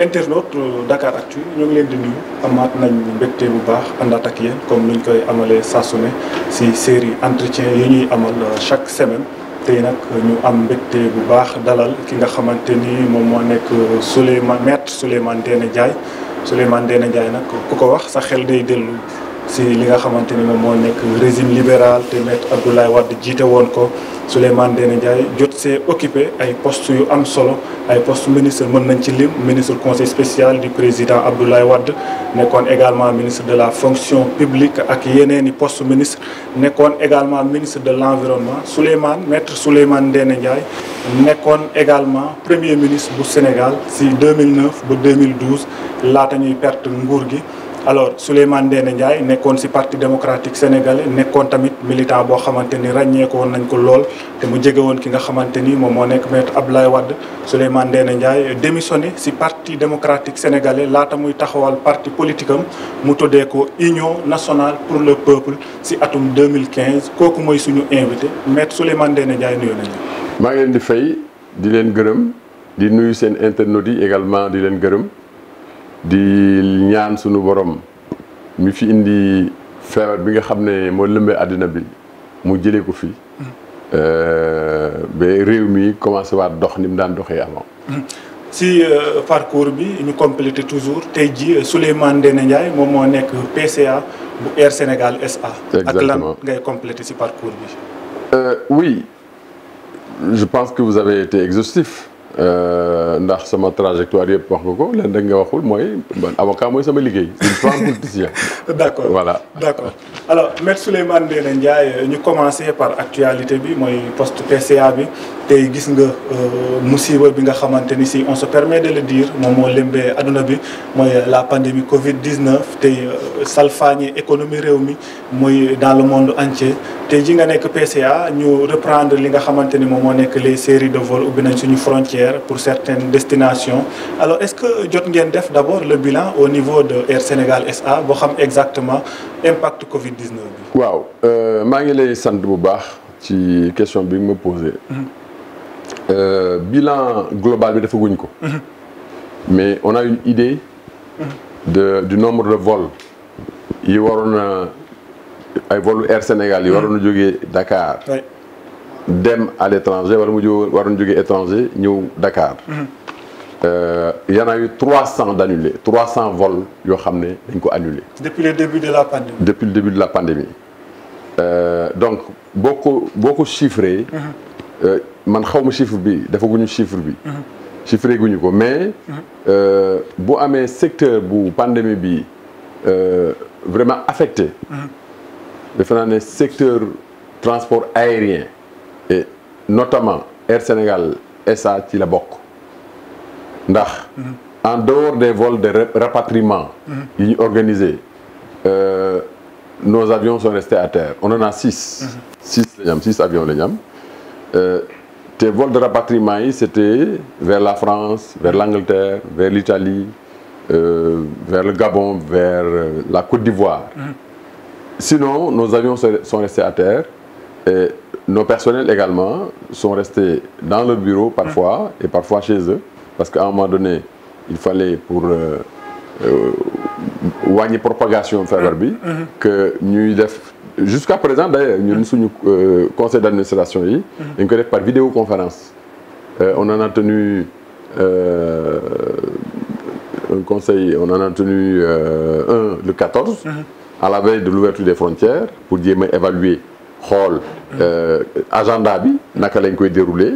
internaute euh, Dakar Actu ñoo ngi leen di nuyu amaat nañ mbégte bu baax àndaat ak yéen comme nuñ koy amalee saa su ne si série entretien yi ñuy amal euh, chaque semaine. tey nag euh, ñu am mbégte bu baax dalal ki nga xamante ni moom moo nekk Souleymane maître Souleymane Ndéné Ndiaye Souleymane Ndéné Ndiaye nag ku ko wax sa xel day dellu. si vous nga xamante régime libéral te maître Abdoulaye Wade jiite woon ko Souleymane Ndéné jot see occupé ay postes yu am solo ay ministre du ministre conseil spécial du président Abdoulaye Wade nekkoon également ministre de la fonction publique ak yeneen i poste ministre nekkoon également ministre de l'environnement Souleymane maître Souleymane Ndéné Ndiaye nekkoon également premier ministre du Sénégal si 2009 ba 2012 laata ñuy perte nguur gi alors Souleymane Dene Ndiaye nekkoon ci parti démocratique sénégalais nekkoon tamit militant bo xamanteni ni ràññeeku woon nañ ko lool te mu jege won ki nga xamanteni ni mo moo nekk maître Abdoulaye Wade Souleymane Dene Ndiaye démissionné ci parti démocratique sénégalais laata muy taxawal parti politique mu tuddé ko Union nationale pour le peuple ci atum 2015 koku moy suñu invité maître Souleymane Dene Ndiaye nuyu nañ ma ngi leen di fay di leen gërëm di nuyu seen également di leen gërëm di ñaan suñu borom mi fi indi feebar bi nga xamné mo moo lëmbee bi mu jëlé ko fi euh, bé réew mi commencé wa dox nim daan doxé avant. si euh, parcours bi ñu complété toujours tay ji euh, Souleymane Ndéné Ndiaye moom mo nek PCA bu Air Sénégal SA. ak lan ngay complété si parcours bi. oui je pense que vous avez été exhaustif. Euh, ndax sama trajectoire yépp wax nga ko leen rek nga waxul mooy man avocat mooy sama liggéey une femme politicien d' accord voilà d' accord alors maître Souleymane Ndéné Ndiaye ñu commencé par actualité bi mooy poste PCA bi nga euh, si on se permet de le dire la pandémie Covid 19 t'é euh, salfaañe économie réew dans le monde entier Nous ji nga PCA ñu reprendre li nga les séries de vols ubbi frontières frontière pour certaines destinations alors est-ce que jot ngeen def d'abord le bilan au niveau de Air Sénégal SA pour xam exactement impact Covid 19 bi. waaw suis euh, ngi lay sante bu baax question bi je me pose. Euh, bilan global mhm. mais on a une idée. Mhm. de du nombre de vols il y a un vol Air Sénégal Il y mhm. a Dakar. dem à l'étranger étranger Dakar. il euh, y en a eu 300 d'annulés, 300 vols qui ont été annulés. Depuis le début de la pandémie Depuis le début de la pandémie. Euh, donc, beaucoup, beaucoup chiffré. Euh, man ne sais chiffre bi defaguñu chiffre bi. Mhm. chiffre guñu ko mais. Mhm. Euh, bu un secteur bu pandémie bi euh, vraiment affecté. Le mhm. naa secteur transport aérien et notamment Air Sénégal SA ci la en dehors des vols de rapatriement Organisés nos avions sont restés à terre on en a six. six avions euh, tes vols de rapatriement c'était vers la France vers l'Angleterre vers l'Italie euh, vers le Gabon vers euh, la Côte d'Ivoire mm. sinon nos avions sont restés à terre et nos personnels également sont restés dans le bureau parfois mm. et parfois chez eux parce qu'à un moment donné il fallait pour euh, euh, propagation ferbi. Mm-hmm. que nous def jusqu'à présent d'ailleurs ben, hein? nous euh, conseil d'administration hein? par vidéoconférence. Euh, on en a tenu euh, un conseil, on en a tenu euh, un le 14, hein? à la veille de l'ouverture des frontières, pour dire, évaluer hall, agenda bi, déroulé,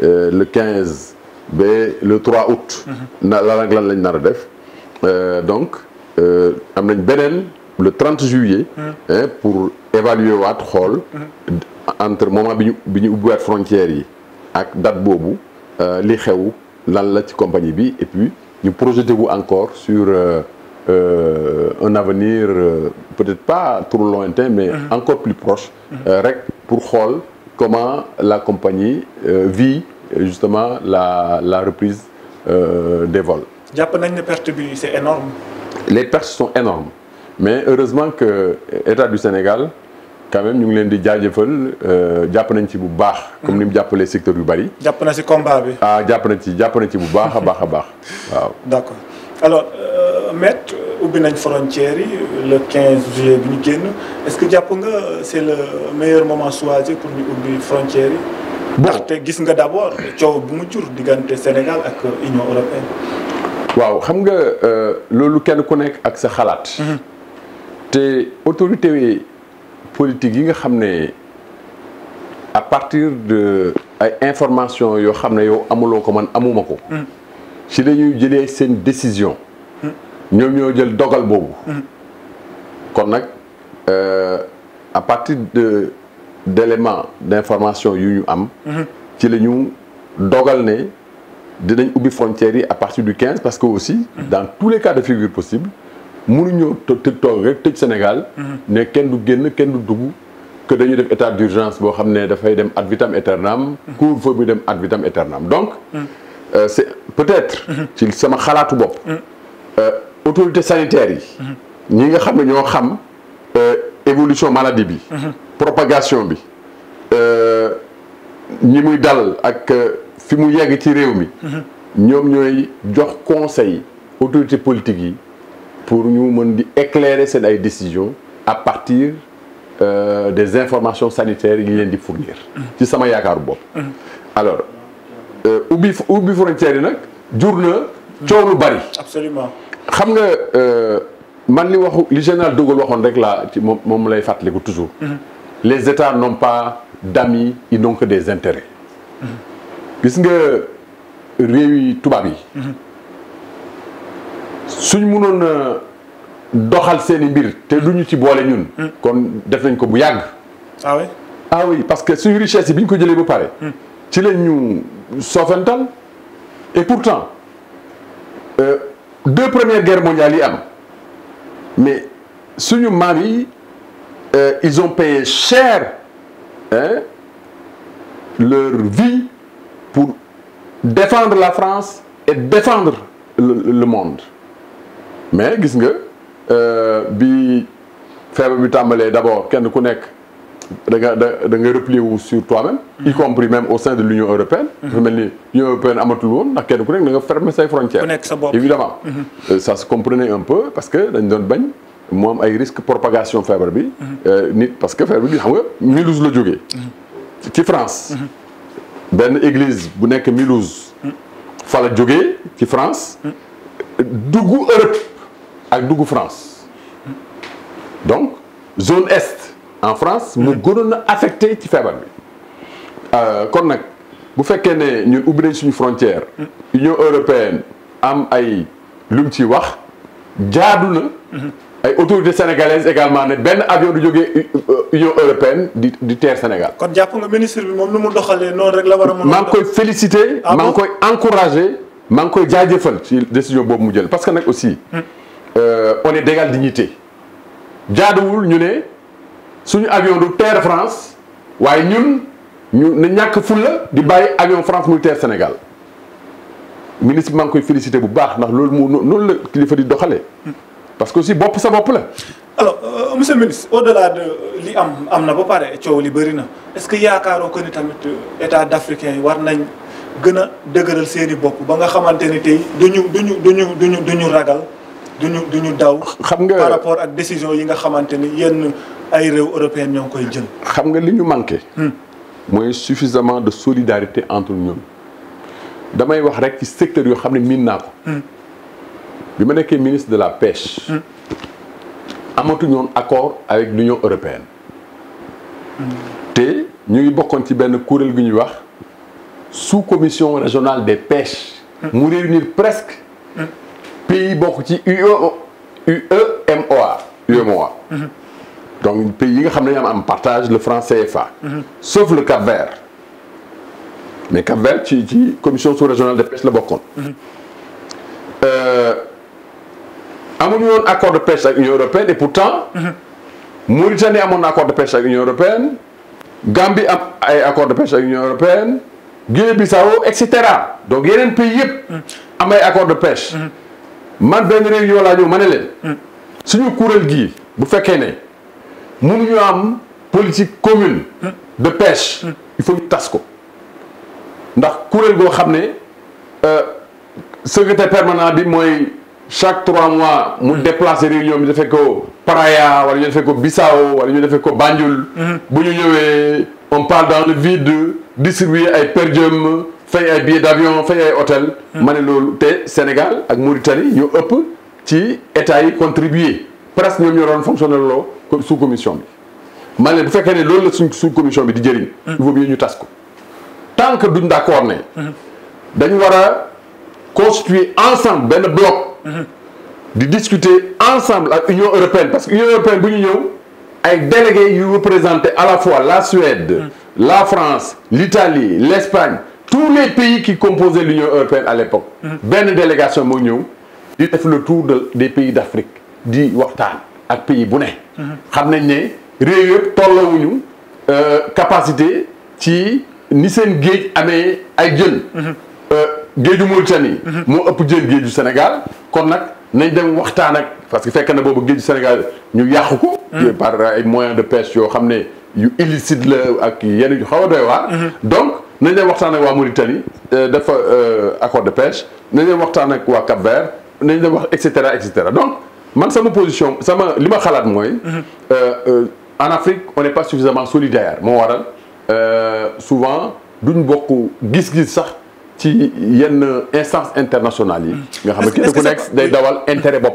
le 15 mais le 3 août. na la lan lañ a donc le 30 juillet. Mm. Hein, pour évaluer Watt Hall mm. entre moment où on bi ñu date euh, la compagnie et puis nous projetez-vous encore sur euh, euh, un avenir peut-être pas trop lointain mais mm-hmm. encore plus proche mm-hmm. pour Hall comment la compagnie vit justement la reprise des vols perte c'est les pertes sont énormes mais heureusement que l'État du Sénégal quand même nous avons dit que nous avons nañ ci comme ni mu le secteur du bari. jàpp na ci combat bi. ah jàpp na ci na ci bu d'accord alors euh, maître ubbi nañ une frontière le 15 juillet est-ce que le Japon, c'est le meilleur moment choisi pour ñu frontière Parce que tu gis nga d'abord coow bu mu jur diggante Sénégal ak Union européenne. waaw xam nga euh, loolu kenn ku nekk ak sa xalaat. Mm-hmm. Les autorités politiques, à partir de ay information ne hmm. décision hmm. dogal hmm. euh, à partir d'éléments d'information nous avons am dogal à partir du 15 parce que aussi dans tous les cas de figure possible mënuñoo tëj toog rek tëj Sénégal. Mhm. ne kenn du génn kenn du que dañuy def état d'urgence bo xamné da fay dem ad vitam aeternam. Mhm. couvre-feu bi dem ad vitam aeternam donc. Mhm. Euh, c'est peut-être. ci sama xalaatu euh autorité sanitaire yi. ñi nga xam ne xam euh évolution maladie bi. propagation bi. Euh, ñi muy dal ak euh, fi mu yegg ci réew mi. ñom ñoy jox conseil autorité politique yi pour nous mën éclairer seen décisions à partir euh, des informations sanitaires qu'il vient de fournir. ci sama yaakaaru bopp. Mhm. alors où euh, ubbi frontière yi nag jur na lu bari. absolument xam nga euh, man waxu général de Gaulle waxoon rek la ci moom moom lay toujours. Mhm. les états n'ont pas d'amis ils n'ont que des intérêts. Mhm. gis nga réew yi tubaab yi suñ mënoon doxal seen bir té te ci bolé ñun. Hmm. kon def nañ ko bu ah oui ah oui parce que suñ richesse biñ ko jëlé bu pare. Hmm. ci lañ ñu et pourtant euh, deux premières guerres mondiales yi am mais suñu marié, euh, ils ont payé cher hein, leur vie pour défendre la France et défendre le monde mais gis nga euh, bi fièvre bi tambalé d'abord abord kenn ku nekk da nga da nga replier wu sur toi-même. y mhm. compris même au sein de l'Union européenne. Mhm. dafa mel ni l'union européenne amatul won ndax kenn ku nek da nga fermer ses frontières. ku nekk sa bopp évidemment. Mhm. Euh, ça se comprenait un peu parce que dañ don bagn mu am ay risque propagation fièvre bi. Euh, nit parce que fièvre bi xam nga Mulhouse la jógee. ci France. Ben église bu nekk Mulhouse. fa la ci France. dugu Europe ak dugg France donc zone est en France mu mm-hmm. gënoon a affecté ci feebar bi euh, kon nak, bu fekkee ne ñun ubbi suñu frontière mm-hmm. Union européenne am ay lu mu ci wax jaadu mm-hmm. ay autorités sénégalaises également ne ben avion du jógee Union européenne di terre Sénégal. kon jàpp nga ministre bi moom nu mu doxalee non rek la war a koy féliciter. Ah maa koy encourager maa ngi koy jaajëfal ci décision boobu mu jël parce que nag aussi. Mm. Euh, on est d'égal dignité nous ne suñu avions de terre France nous, nous, ne fulla de France militaire sénégal. Sénégal ministre félicité parce que aussi sa alors euh, monsieur le ministre au-delà de am est-ce que euh, état d'africain war nañ a seeni ba nga ne nous avons par rapport décision suffisamment de solidarité entre nous. secteur hmm. ministre de la pêche. Hmm. avons un accord avec l'union européenne. Et nous avons avons sous commission régionale des pêches. nous hmm. réunir presque pays beaucoup ci UEMOA e UEMOA donc pays qui partage le franc CFA sauf le Cap Vert mais Cap Vert ci ci commission sous-régionale de pêche le bokkoon euh, a un accord de pêche avec l'Union européenne et pourtant Mauritanie a un accord de pêche avec l'Union européenne Gambie a un accord de pêche avec l'Union européenne Guinée-Bissau il y donc un pays qui a un accord de pêche man benn réunion laa ñëw ma hmm. suñu kuréel gi bu fekkee ne mënuñu am politique commune. Hmm. de pêche. Hmm. il faut ñu tas ko ndax kuréel go xamné euh secrétaire permanent bi moy chaque 3 mois mu déplacer réunion bi defee ko praia wala ñu defee ko Bissau wala ñu defee ko Banjul. bu ñu ñëwé on parle dans le vide distribuer ay per diem fay un billet d'avion fay un hôtel hmm. ma Sénégal ak Mauritanie ñoo ëpp ci état yi contribuer presque nous ne doon fonctionner comme sous commission bi fait ne bu pas sous commission bi hmm. il vaut mieux ñu tas tant que nous sommes d'accord nous allons construire ensemble un bloc hmm. de discuter ensemble avec l'Union européenne parce que l'Union européenne bu ñu délégué, ay délégués yu à la fois la Suède la France l'Italie l'Espagne tous les pays qui composaient l'Union européenne à l'époque une mm. délégation moo ñëw di def le tour de des pays d'Afrique di waxtaan ak pays bu ne mm-hmm. xam nañ ne réew yëpp tollowuñu euh, capacité ci ni seen géej amee ay jën mm-hmm. euh, géeju Mauritanie mm-hmm. moo ëpp jën du Sénégal kon nag nañ dem waxtaan ak parce que fekk na boobu du Sénégal ñu yàqu ko par ay moyens de pêche yoo xam yu illicite le, ak yenn xaw a doy donc nañ leen waxtaan ak waa Mauritanie euh, dafa euh, accord de pêche nañ leen ak waa Cap Vert nañ etc. etc. donc man sama position sama li ma xalaat mhm. euh, euh, en Afrique on n'est pas suffisamment solidaire Mon waral souvent duñ bokk gis-gis sax a une instance internationale intérêt mm.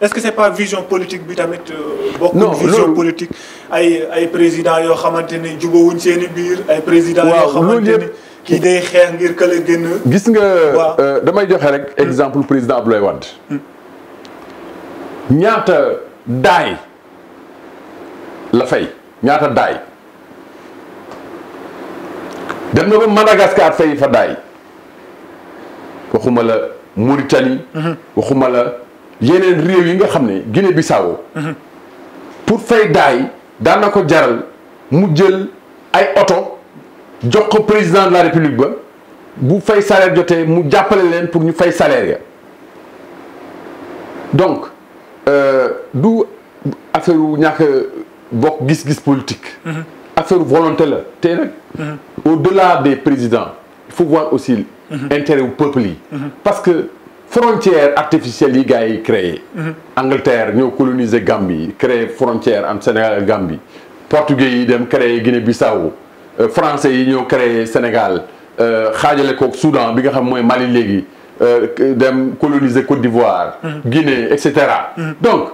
est-ce que c'est pas vision politique de tamit. Euh, non vision politique ay ay président yo ne ay président day ngir nga euh, damay joxe rek mm. exemple président mm. la fay Madagascar fay fa waxuma la Mauritanie. Mhm. waxuma la yeneen réew yi nga xamné Guinée Bissau. Mhm. pour fay daay daan na jaral mu jël ay auto jox ko président de la république ba bu fay salaire jotee mu jappalé len pour ñu fay salaire ya donc euh, du affaire ñak bok gis-gis politique. Mhm. affaire volonté la té nak au-delà des présidents il faut voir aussi. Mhm. intérêt au peuple mhm. parce que frontière artificielle yi gars yi créé. Mhm. Angleterre a colonisé Gambie créé frontière entre Sénégal et Gambie portugais yi ont créé Guinée-Bissau euh, français yi ont créé Sénégal euh, xaajale Kok Soudan bi nga xam Mali ont euh, dem coloniser Côte d'Ivoire. Guinée etc. donc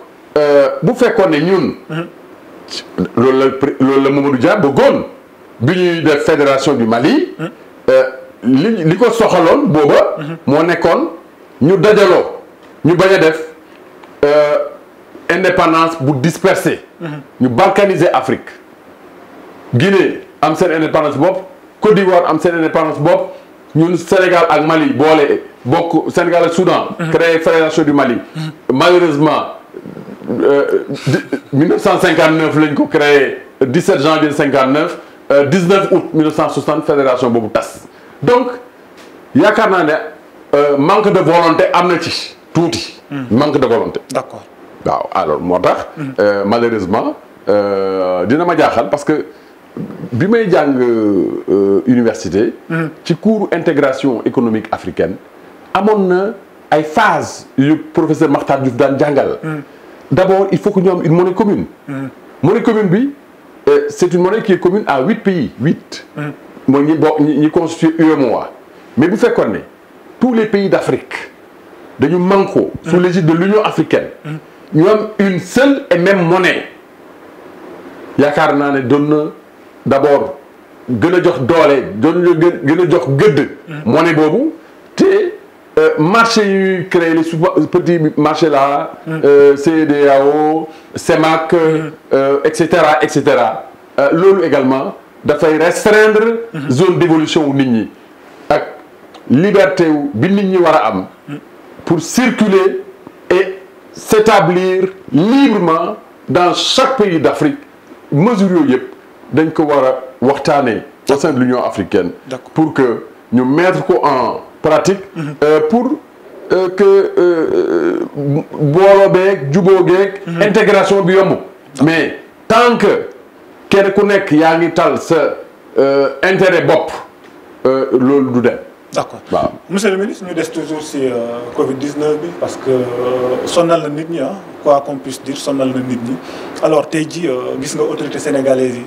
vous faites fait ñun. nous le moment du Mamadou Dia bëggoon de la fédération du Mali li ko soxalon boba mo mhm. ñu dajalo ñu def euh, indépendance bu disperser mhm. ñu balkaniser Afrique. Guinée am indépendance bop Côte d'Ivoire am sen indépendance bop ñun Sénégal ak Mali bolé Sénégal Sénégal ak Soudan. Mhm. créé fédération du Mali. malheureusement 1959 euh, lañ ko créé 17 janvier 59 19 euh, août 1960 fédération boobu tass donc il y a un manque de volonté am tout dit, un manque de volonté. d'accord alors moi hmm. euh, malheureusement euh, dina ma parce que bi may l'université, euh, université. Hmm. ci cours intégration économique africaine y avis, ay phase le professeur Makhtar Diouf Djangal. Hmm. d'abord il faut que y ait une monnaie commune. monnaie commune euh, c'est une monnaie qui est commune à huit pays huit. Nous avons une monnaie mais vous savez quoi tous les pays d'Afrique de dañu manko sous mm. l'égide de l'Union africaine nous mm. avons une seule et même monnaie Il y a d'abord na D'abord, a jox doole doon na mm. monnaie boobu te euh, marché créé les euh, petits marchés là CEDEAO CEMAC etc. L'eau également faut restreindre mhm. zone d'évolution liberté mhm. pour circuler et s'établir librement dans chaque pays d'Afrique mesure que au sein de l'Union africaine pour que nous mettre en pratique mhm. euh, pour euh, que euh, intégration mais tant que kenn ku nekk yaa ngi tal sa euh, intérêt bopp euh, loolu du dem. d'accord waaw monsieur le ministre ñu des toujours si euh, Covid 19 bi parce que sonal na nit ñi ah, quoi qu'on puisse dire sonal na nit ñi alors tey ji gis nga autorité sénégalaise yi.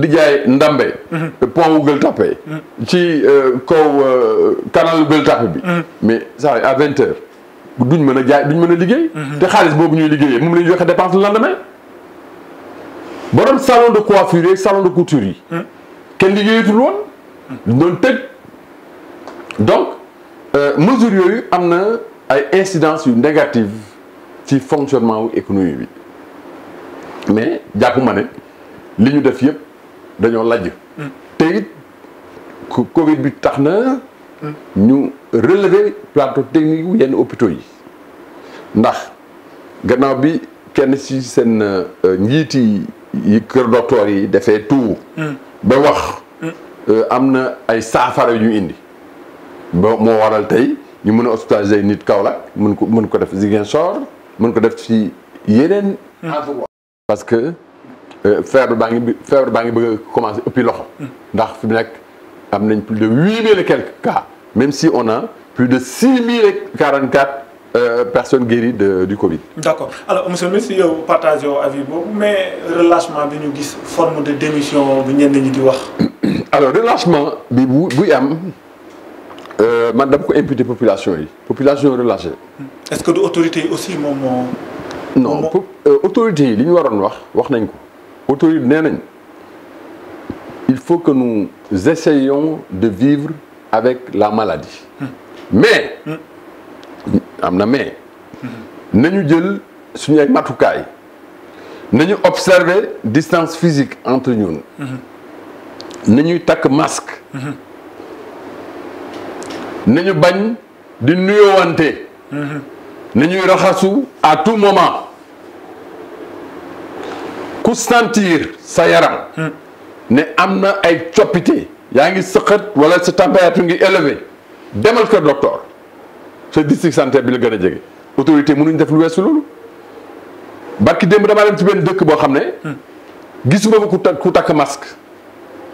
di ndambe mm-hmm. pont Google Tapé, mm-hmm. euh, euh, canal mm-hmm. mais ça à 20h. duñ mëna jaay duñ mëna liggéey ñuy le salon de coiffure salon de couture yi donc euh, mesures mesure yoyu amna ay incidences négatives ci fonctionnement économique. bi mais jàpp ma liñu def dañoo lajj. te it Covid bi taxna ñu relever plateau technique yu yenn hôpitaux yi ndax gannaaw bi kenn ci sen euh, njiiti yi kër docteur yi defee tout. ba wax euh, amna ay saafara yu ñu indi ba moo waral tay ñu mëna a hospitaliser nit Kaolack mën ko mën ko def zigen Ziguinchor mën ko def ci yeneen. parce que. Euh, faire le a commencé plus de 8000 et quelques cas même si on a plus de 6044 euh, personnes guéries du Covid. D'accord. alors monsieur le ministre partage votre avis mais relâchement forme de démission que vous alors relâchement bi bu euh, population population relâchée. est ce que l'autorité aussi non autorité Autour de il faut que nous essayions de vivre avec la maladie hmm. mais nous physique mais nous hmm. Nous suñu observe distance physique entre nous nañuy un masque hmm. Nous bañ di nuyowante Nous raxasu à tout moment ku sentir sa yaram hmm. ne am na ay coppite yaa ngi sëqat wala sa température ngi élevé demal kër docteur sa district santé bi la gën a jege autorité mu mënuñ def lu weesu loolu barki démb damaa dem ci benn dëkk boo xam ne hmm. gisuma fa ku takk ku takk masque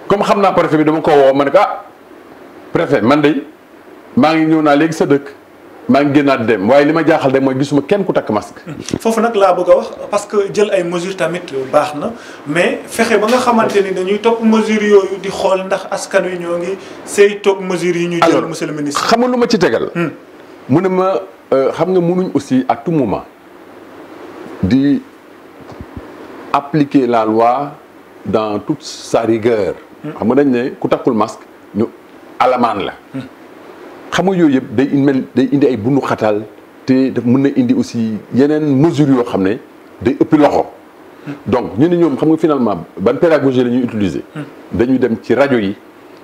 comme xam naa préfet bi dama ko woo ma ne ko ah préfet man de maa ngi ñëw naa léegi sa dëkk maa ngi dem waaye li ma jaaxal de mooy gisuma kenn ku takk masque. foofu nag laa bëgg a wax parce que jël ay mesures tamit baax na mais fexe ba nga xamante ni dañuy top mesures yooyu di xool ndax askan wi ñoo ngi say toog mesures yi ñu jël monsieur le ministre. xam nga lu ma ci tegal. Hmm. mu ne ma euh, xam nga mënuñ aussi à tout moment di appliquer la loi dans toute sa rigueur. Hmm. xam nga dañ ne ku takkul masque ñu alamaan la. Hmm xam ils day day indi ay bundu khatal te daf indi aussi mesures day loxo donc ñu xam finalement ban pédagogie lañu utiliser dañuy dem ci yi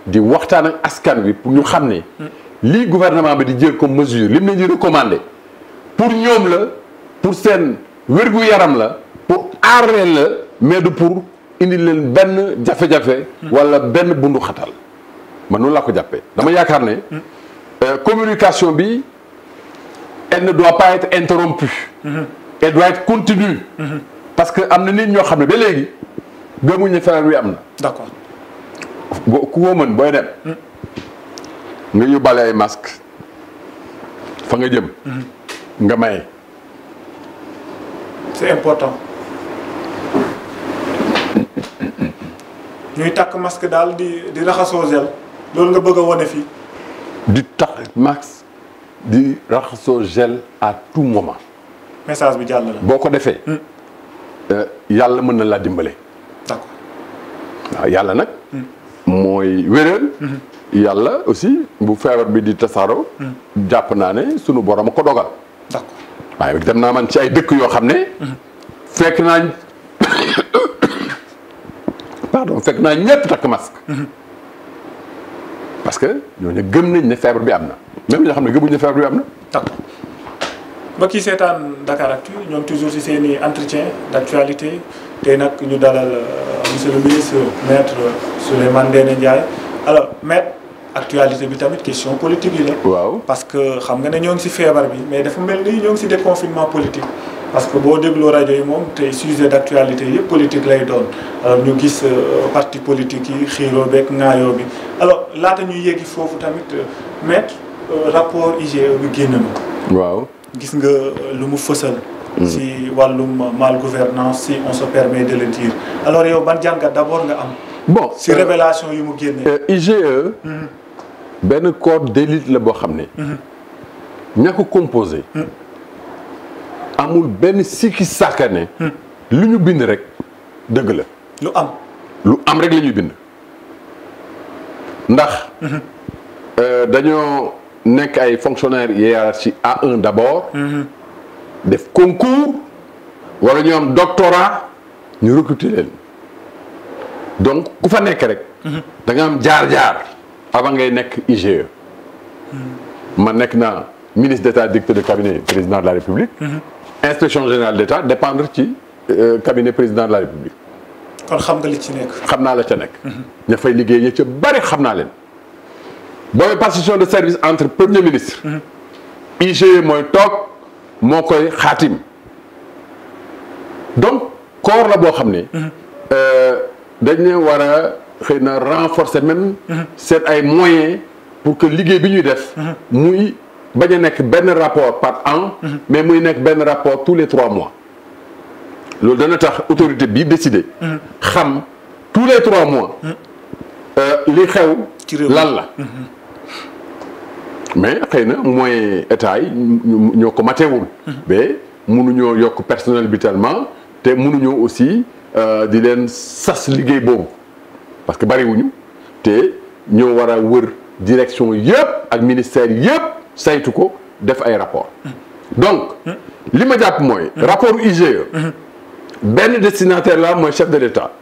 di waxtaan ak askan pour ñu xamné li gouvernement bi di jël comme mesure lim leen recommander pour ñom la pour seen wërgu yaram la pour la mais pour indi jafe-jafe wala benn bundu xatal man euh, communication bi elle ne doit pas être interrompue. Mm-hmm. elle doit être continue. Mm-hmm. parce que amna nit ñoo xamné ne ba léegi gëmuñ ne feebar bi d'accord ku wo man booy dem. Mm. nga yóbbaale ay masque fa nga jëm. Mm-hmm. nga may. c'est important. ñuy tak masque dal di di raxasoo gel loolu nga bëgg a wone du tax max du raxasoo gel à tout moment. message bi jàll Beaucoup boo ko defee. Hmm. Euh, yàlla mën la d'accord Il y a mooy wéral hmm. là aussi bu feebar bi di tassaro hmm. japp borom ko dogal. d'accord dem man ci ay dëkk yo xamné fekk nañ pardon fekk nañ masque parce que nous gëm nañ ne bi même les ne rien. d'accord Dakar toujours entretien d'actualité nous ñu euh, monsieur le ministre maître alors maître actualité bi tamit question politique parce que xam nga ne nous mais dafa déconfinement politique parce que boo dégloo rajo yi moom tey sujet d' actualité yëpp politique lay doon alors ñu gis euh, parti politique yi xiiroo beeg ŋaayoo bi alors laata ñuy yéegi foofu tamit euh, mettre euh, rapport IGE bi génn na waaw gis nga lu mu fësal mm. si wàllum mal gouvernance si on se permet de le dire alors yow ban jàngat d'abord nga am bon si révélation yu mu génnee IGE ben corps d'élite la bo xamné ne mm-hmm. ña ko composé mm amul ben sikki Nous sommes bind rek deug la lu am lu am rek lañu bind ndax mhm. euh, ay fonctionnaires hiérarchie A1 d'abord mhm. def concours wala ñu doctorat ñu recruter donc ku fa nek rek mhm. da nga am jaar-jaar avant ngay IGE man nek na ministre d'état directeur de cabinet président de la république inspection générale d'État état dépendre qui euh, cabinet président de la république. kon xam nga li ci nekk. xam naa la ca nekk. Mhm. ña fay liggéey ña ca bëri xam de service entre premier ministre. Mhm. IGE mooy toog mon koy xaatim donc corps la boo xam ne. Mhm. Euh, dañ ne renforcer même. c'est ay moyens pour que liggéey bi ñuy def. muy bañ a nekk rapport par an. Mhm. mais muy nekk benn rapport tous les trois mois. loolu dana tax autorité bi décidé mhm. xam tous les trois mois. Mhm. Euh, li xew. lan la. mais xëy na moyen état yi ñoo ko matewul. mais mënuñoo yokk personnel bi tellement te mënuñoo aussi euh, di leen sas liggéey boobu parce que bariwuñu te ñoo war a wër direction yëpp ak ministère yëpp saytu a def un rapport donc l'immédiatement rapport IGE Ben destinataire là moi, chef de l'État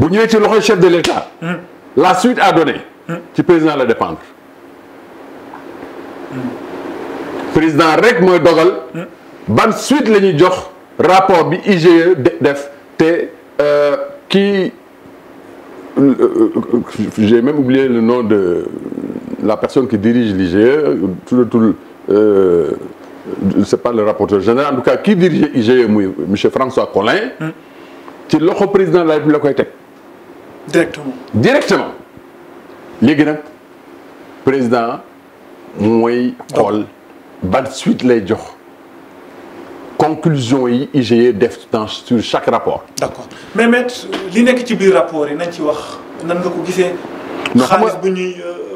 vous n'êtes ci le chef de l'État la suite a donné. le président la dépendre président rek mooy dogal ban suite rapport bi IGE def te qui euh, euh, euh, j'ai même oublié le nom de la personne qui dirige l'IGE, euh, c'est pas le rapporteur général, en tout cas, qui dirige l'IGE, M. François Collin, hmm. c'est le président de la République. Directement. Directement. Les président mooy va ban suite les jox conclusion IGE def sur chaque rapport. d'accord mais maître li nekk ci rapport yi nañ ci wax nan nga ko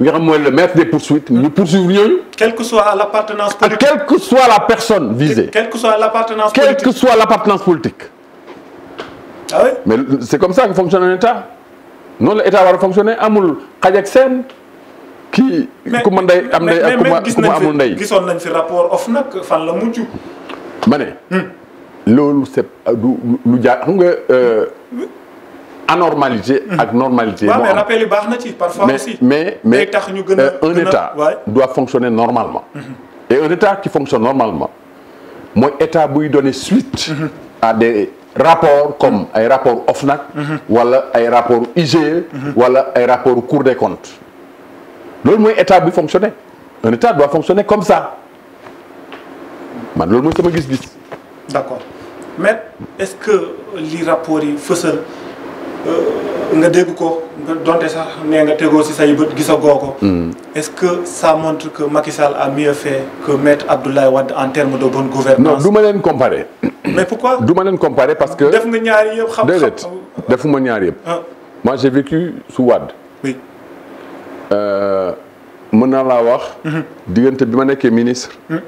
bi le maître des poursuites nous poursuivre rien. quelle que soit l'appartenance politique quelle que soit la personne visée. quelle que soit l'appartenance politique quelle que soit l'appartenance politique. ah oui mais c'est comme ça que fonctionne un état l'État va fonctionner amul xaj Sen, qui kii ku ak ku amul ndey rapport of nak fan la mujj. Mané. ne. Hmm. loolu du euh, anormalisé mhm. ak normalité. mais mais euh, un état doit fonctionner normalement. Mhm. et un état qui fonctionne normalement moi état buy donner suite. Mhm. à des rapports comme ay rapport OFNAC. wala ay rapport IGE. wala ay rapport Cour des comptes. loolu moy état buy fonctionner un état doit fonctionner comme ça man nous sommes sama mais est ce que les rapports, yi euh, nga dégg ko nga donté sax né nga tegoo ci say bët gisagoo ko. Hmm. est-ce que ça montre que Macky Sall a mieux fait que maître Abdoulaye Wade en terme de bonne gouvernance non du ma leen comparer. mais pourquoi du ma leen comparer parce que. def nga ñaari yëpp xam-xam déedéet defuma ñaari yëpp. Ah. moi j'ai vécu sous Wade. oui. Euh, mën naa laa wax. Mm-hmm. diggante bi ma nekkee ministre. Mm-hmm.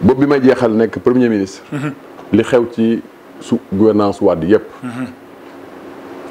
boobu bi ma jeexal nekk premier ministre. Mm-hmm. li xew ci su gouvernance Wade yëpp.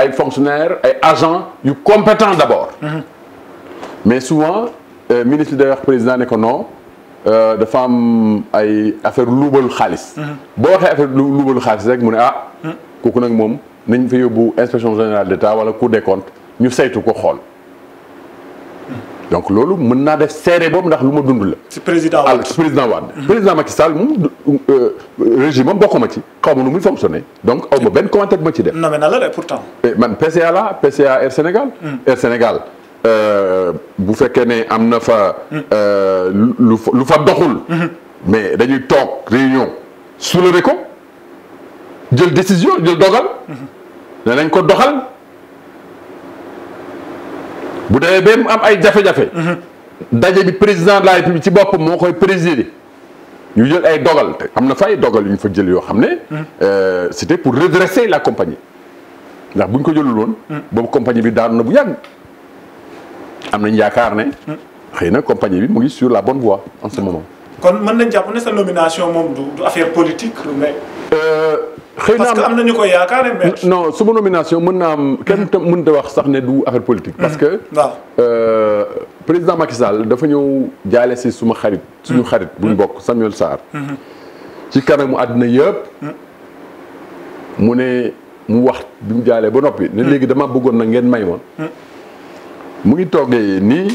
ay fonctionnaires et agents yu compétents d'abord. mais souvent euh, ministre de président ne ko non euh, dafa am ay affaire luubalu xaalis. boo waxee affaire avons xaalis rek ah, inspection générale d'État ou wala cour des comptes ñu saytu ko xool donc loolu mën naa def seere boobu ndax lu ma dund la. si président Wade si président Wade. président Macky Sall euh, régime am bokkuma ci xaw ma nu muy donc aw ma benn commentaire bu ma ci def. nommé na la de pourtant. man PCA la PCA Air Sénégal. Hmm. Air Sénégal euh, bu fekkee ne am na fa. Hmm. Euh, lu fa lu fa doxul. Hmm. mais dañuy toog réunion soulever ko jël décision jël dogal. danañ ko doxal bu demee ba am ay jafé jafe daje bi président de la république ci bop mo koy présider. ñu jël ay dogal té amna fay dogal ñu fa jël yo xamné euh c'était pour redresser la compagnie. ndax buñ ko jëlul won boobu compagnie bi daanu na bu yàgg. Amna nañ yaakaar xeyna compagnie bi mo ngi sur la bonne voie en ce moment kon mën nañ jàpp ne sa nomination moom du du affaire politique mais. Euh, xëy na parce que am na ñu ko yaakaar mais. non suma nomination mën naa am kenn tam mën ta wax sax ne du affaire politique. Mm-hmm. parce que mm-hmm. waaw euh, président Macky Sall dafa ñëw jaale si suma xarit. suñu mm-hmm. xarit buñ bokk Samuel Sarr. ci kanamu àddina yëpp. mu ne mu wax bi mu jaalee ba noppi. ne léegi dama bëggoon na ngeen may ma. mu ngi togué ni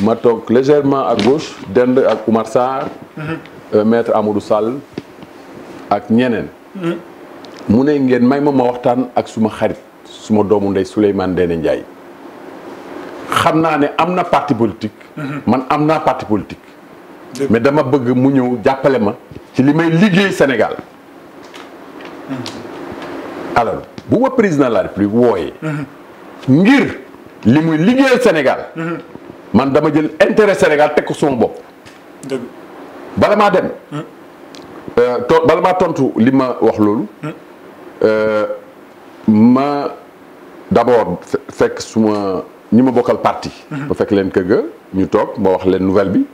ma tok légèrement à gauche dend ak Oumar Sarr mhm. euh, maître Amadou Sall ak ñenen mhm. mu ne ngeen may ma ma waxtaan ak suma xarit suma doomu ndey Souleymane Ndéné Ndiaye xamna naa ne am parti politique mhm. man amna parti politique mais dama bëgg mu ñëw jappalé ma ci limay liggéey Sénégal alors bu wa président la République wooyee ngir li muy liggéeyal Sénégal. Mhm. man dama jël intérêt Sénégal tek ko suma bopp. deug bala maa dem. Mhm. euh bala maa tontu li ma wax mhm. euh ma d'abord fekk suma ñima bokal parti. ma fekk len keug ñu tok ba wax len nouvelle bi.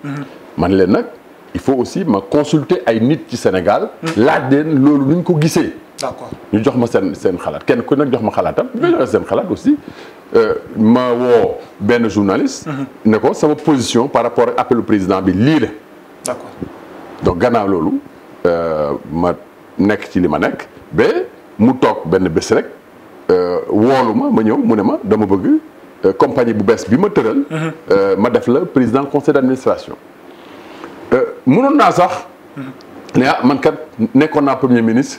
man len nak il faut aussi ma consulter ay nit ci Sénégal. laaj leen loolu nuñ ko gissé d'accord ñu jox ma sen sen xalat kenn ku nak jox ma xalatam ñu jox sen xalat aussi. Euh, ma suis un journaliste. Mhm. ne sa position par rapport à appel président bi d'accord donc un lolo euh, ma nek ci li ma compagnie président conseil d'administration. Euh, mhm. ah, premier ministre.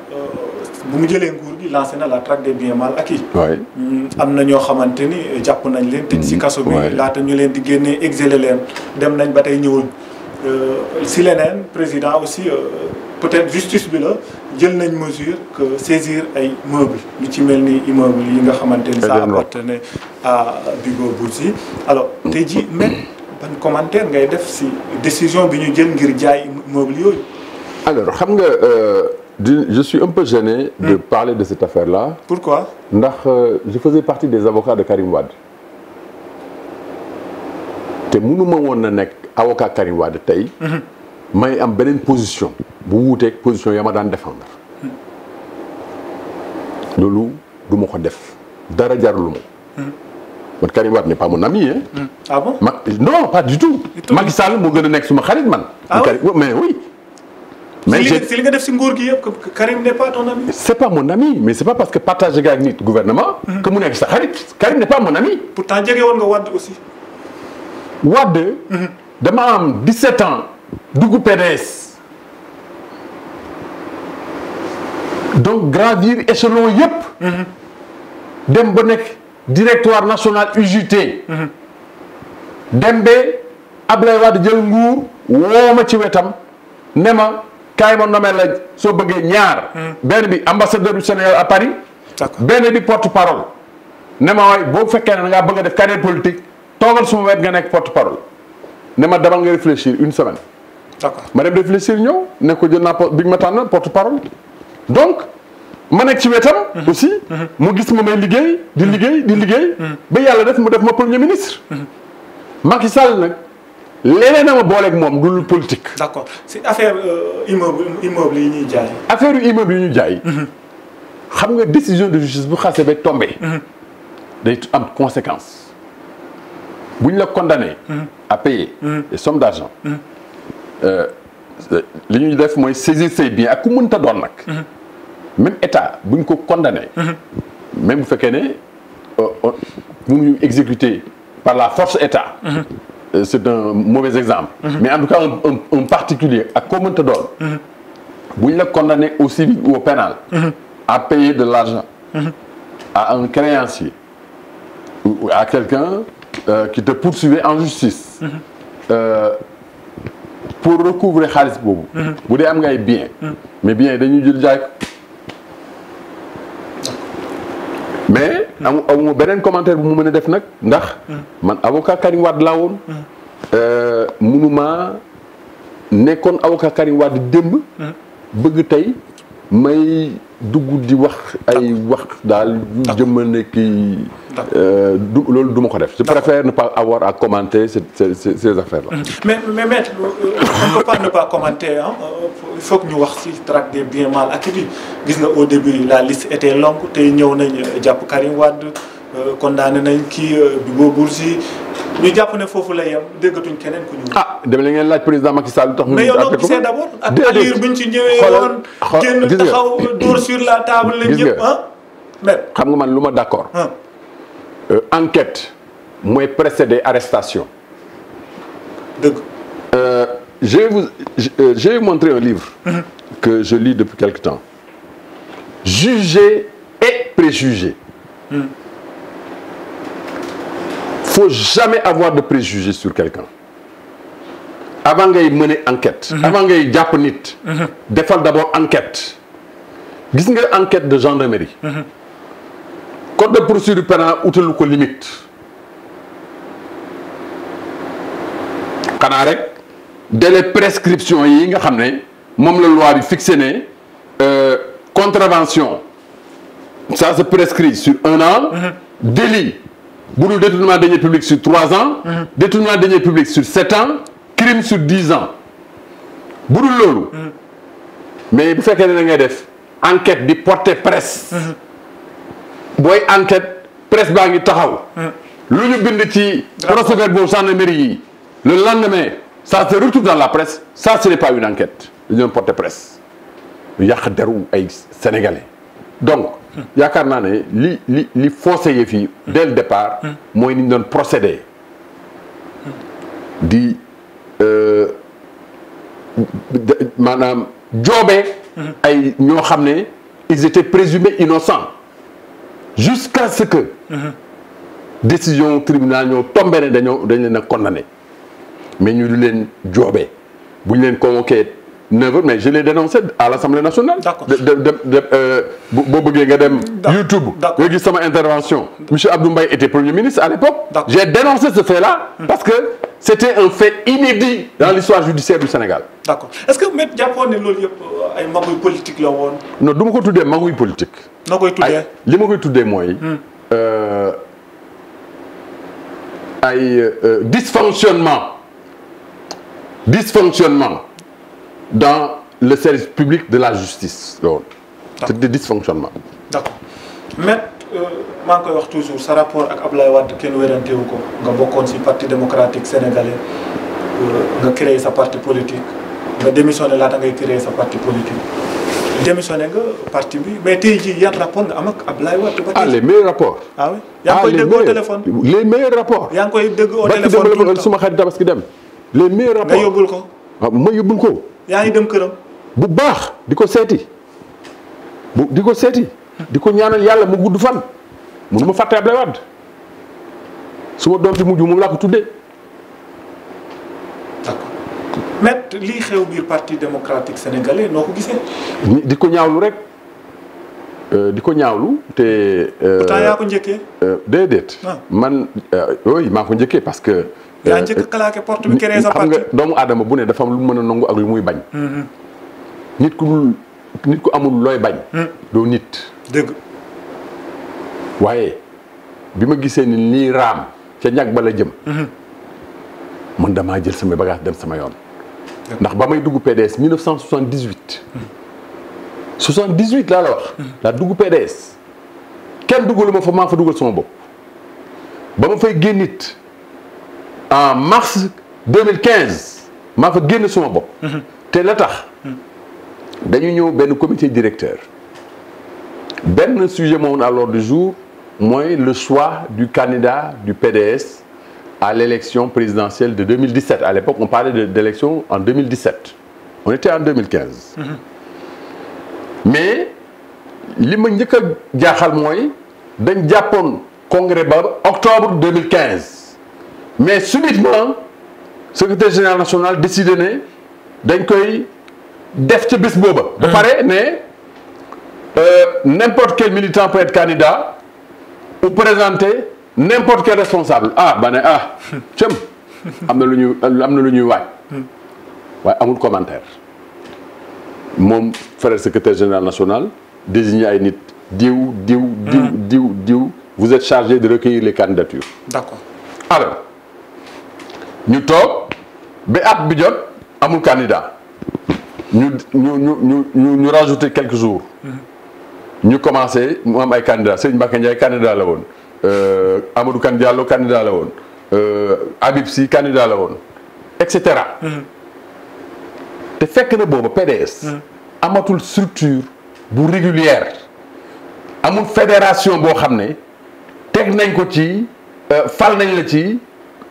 bu mu jëlee nguur gi lancé na la traque des biens mal acquis. waay mm, am na ñoo xamante eh, nañ leen. tëj si mm-hmm. kaso bi laata ñu leen di génnee exilé dem nañ batay tey ñëwuñ. Euh, si leneen président aussi euh, peut-être justice bi la jël nañ mesure que saisir ay meubles lu ci ni immeuble yi nga xamante ça appartenait à Bibo Bourgi alors tey ji même ban commentaire ngay def si décision bi ñu jël ngir jaay meubles yoy alors xam nga euh, je suis un peu gêné de hmm. parler de cette affaire-là. Pourquoi euh, Je faisais partie des avocats de Karim Wad. Je ne avocat de Karim Wad mais en une position. Vous avez une position que je défendre. Le loup, je ne le défendre. Karim Wade n'est pas mon ami. Hein. Hmm. Ah bon Non, pas du tout. Macky Sall, je suis mon ami. Mais oui, mais c'est ce li nga def qui que Karim n'est pas ton ami. c'est pas mon ami mais c'est pas parce que partagé partage avec gouvernement. Mhm. que mon nekk Karim n'est pas mon ami. pourtant jege woon nga Wad aussi. Wade. de ma 17 ans Dougou PDS. donc gravir échelon YUP, mhm. dem ba directoire national UJT. Mhm. Dembe, ba Ablaye Wade jël wetam Nema, kaay na nommé la soo bëggee ñaar. Hmm. benn bi ambassadeur du Sénégal à Paris. benn bi porte parole. ne ma waay boo fekkee ne da ngaa bëgg a def carrière politique toogal suma wet nga nekk porte parole ne ma demal nga réfléchir une semaine. d'accord ma dem réfléchir ñëw ne ko jël naa bi ma tànn porte parole. donc ma nekk ci wetam. Hmm. aussi hmm. mu gis ma may liggéey. di liggéey di liggéey. ba yàlla def mu def ma premier ministre. Macky Sall nag. D'accord. que politique. D'accord. C'est affaire euh, immeuble immeuble affaire immobilier immeuble yi mhm. décision de justice bu tomber ba tombé. a mhm. des conséquence Si vous la condamné. Mhm. à payer. des sommes d'argent, Les euh, li ñuy def saisir ses biens ak ku mënta même état vous ko même vous faites euh, exécuter par la force état. Euh, c'est un mauvais exemple. Mhm. mais en tout cas un particulier à comment te doon. Vous mhm. condamné au civil ou au pénal. Mhm. à payer de l'argent à un créancier ou à quelqu'un euh, qui te poursuivait en justice. Euh, pour recouvrir xaalis Vous Vous bien. mais bien dañuy du jaay. mais am amu beneen commentaire bu mu mën a def nag ndax. man avocat Karim Wade laa woon. mënuma mm. euh, nekkoon avocat Karim Wade démb. Mm. bëgg tey may. du di wax ay wax le jëme ne ki euh loolu duma ko def. je préfère ne pas avoir à commenter ces ces affaires là. Mm-hmm. mais mais maître euh, euh, on peut pas ne pas commenter hein euh, il faut que ñu wax ci traque des biens mal acquis bi gis nga au début la liste était longue te ñew nañ japp Karim Wade. Euh, condamné nañ kii Bibo euh, bourse ñu japp né fofu la yem déggatuñ keneen ku ñu. ah dem la ngeen laaj président Macky Sall tax. ñu mais yow c'est d'abord à abord buñ ci ñëwé woon. génn taxaw dóor sur la table la ñëpp ah. xam nga man luma d'accord d' ah. euh, enquête moy précédé arrestation. dëgg. je vais vous j'ai vais vous un livre. Mm-hmm. que je lis depuis quelque temps. Juger et préjuger. Mm faut jamais avoir de préjugés sur quelqu'un avant de mener enquête. Mhm. avant de jàpp il mhm. faut d'abord enquête. gis nga enquête de gendarmerie. Mhm. code de procédure pénale utalu ko limite. Canaré. dès délai prescription yi nga la loi est fixée, euh, contravention ça se prescrit sur un an. délit bu détournement de deniers publics sur 3 ans. Mhm. détournement de deniers publics sur 7 ans. crime sur 10 ans bu dul mhm. mais bu fekkee ne da ngay def enquête di porter presse. Mhm. boy enquête presse baa ngi taxaw. lu ñu bind ci procès-verbaux gendarmerie mairie, le lendemain ça se retrouve dans la presse ça ce n'est pas une enquête c'est doon porter presse yàq deru ay sénégalais donc yakarna né li li li faussé yëf dès le départ moy hmm. ni ñu doon procédé di euh, manam jobé hmm. ay ño xamné ils étaient présumés innocents jusqu'à ce que hmm. décision tribunal ñoo tomber né dañoo dañ leen condamné mais ñu di leen jobé buñ leen convoqué mais je l'ai dénoncé à l'Assemblée nationale. d'accord euh, Bobo bëggee YouTube D'accord. ma intervention. M. Abdou était premier ministre à l'époque j'ai dénoncé ce fait là. Hmm. parce que c'était un fait inédit. dans l'histoire judiciaire du Sénégal. d'accord est-ce que M. Japon est le yëpp euh, politique là bas non je ne ko pas politique. noo politique. Je li ma koy hmm. euh, dysfonctionnement dysfonctionnement dans le service public de la justice c'est des dysfonctionnements d'accord mais euh, toujours sa rapport avec Ablaye qui est le nga ci parti démocratique sénégalais euh, nga créé sa parti politique a démissionné là, a créé sa parti politique démissionné nga parti bi mais y y un rapport avec am Ablaye ah les meilleurs rapports ah oui Il y a un au téléphone les meilleurs rapports il y a un au téléphone les meilleurs rapports ko ah, ma yaa ngi dem këram. bu baax di ko seeti bu di ko seeti di ko ñaanal yàlla mu gudd fan mënu ma fàtte Abdoulaye Wade su ma doom ci mujj ko tuddee. mais lii xew biir parti démocratique sénégalais noo ko gisee. di ko ñaawlu rek euh, di ko ñaawlu te. Euh, pourtant yaa ko njëkkee. Euh, déedéet. Ah. man yooyu maa ko njëkkee parce que. Euh, yaa njëkk claqué bi sa xam nga doomu aadama bu ne dafa lu mu mën a nangu ak lu muy bañ. Mm-hmm. nit ku nit ku amul looy bañ. Mm. doo nit. waaye bi ma gisee ni lii raam ca ñag ba la jëm. mën mm-hmm. damaa jël samay bagage dem sama yoon. ndax ba may dugg PDS 1978. 78 laa la wax. Mm-hmm. laa dugg PDS. kenn dugaluma fa maa fa dugal sama bopp. ba ma fay génn nit en mars 2015 maa fa la tax comité directeur le sujet moom à l'ordre du jour c'est le choix du candidat du PDS à l'élection présidentielle de 2017 à l'époque on parlait d'élection en 2017 on était en 2015 mais li ma est le jaaxal mooy dañ le congrès octobre 2015 mais subitement le secrétaire général national décidé ne faire koy def ca bés hmm. euh, n'importe quel militant peut être candidat ou présenter n'importe quel responsable ah ben, ah hmm. cëm a na lu hmm. commentaire Mon frère secrétaire général national désigné ay nit Diou, diou, diou, diou, diou, vous êtes chargé de recueillir les candidatures. d'accord alors nous, top, nous app Nous jot candidat ñu rajouter quelques jours. Nous mm-hmm. commençons nous am ay candidats Serigne Ndiaye candidat la woon euh, Amadou Kane Diallo candidat la euh, Habib Sy candidat la mm-hmm. te que PDS. une structure régulière amul fédération nañ euh,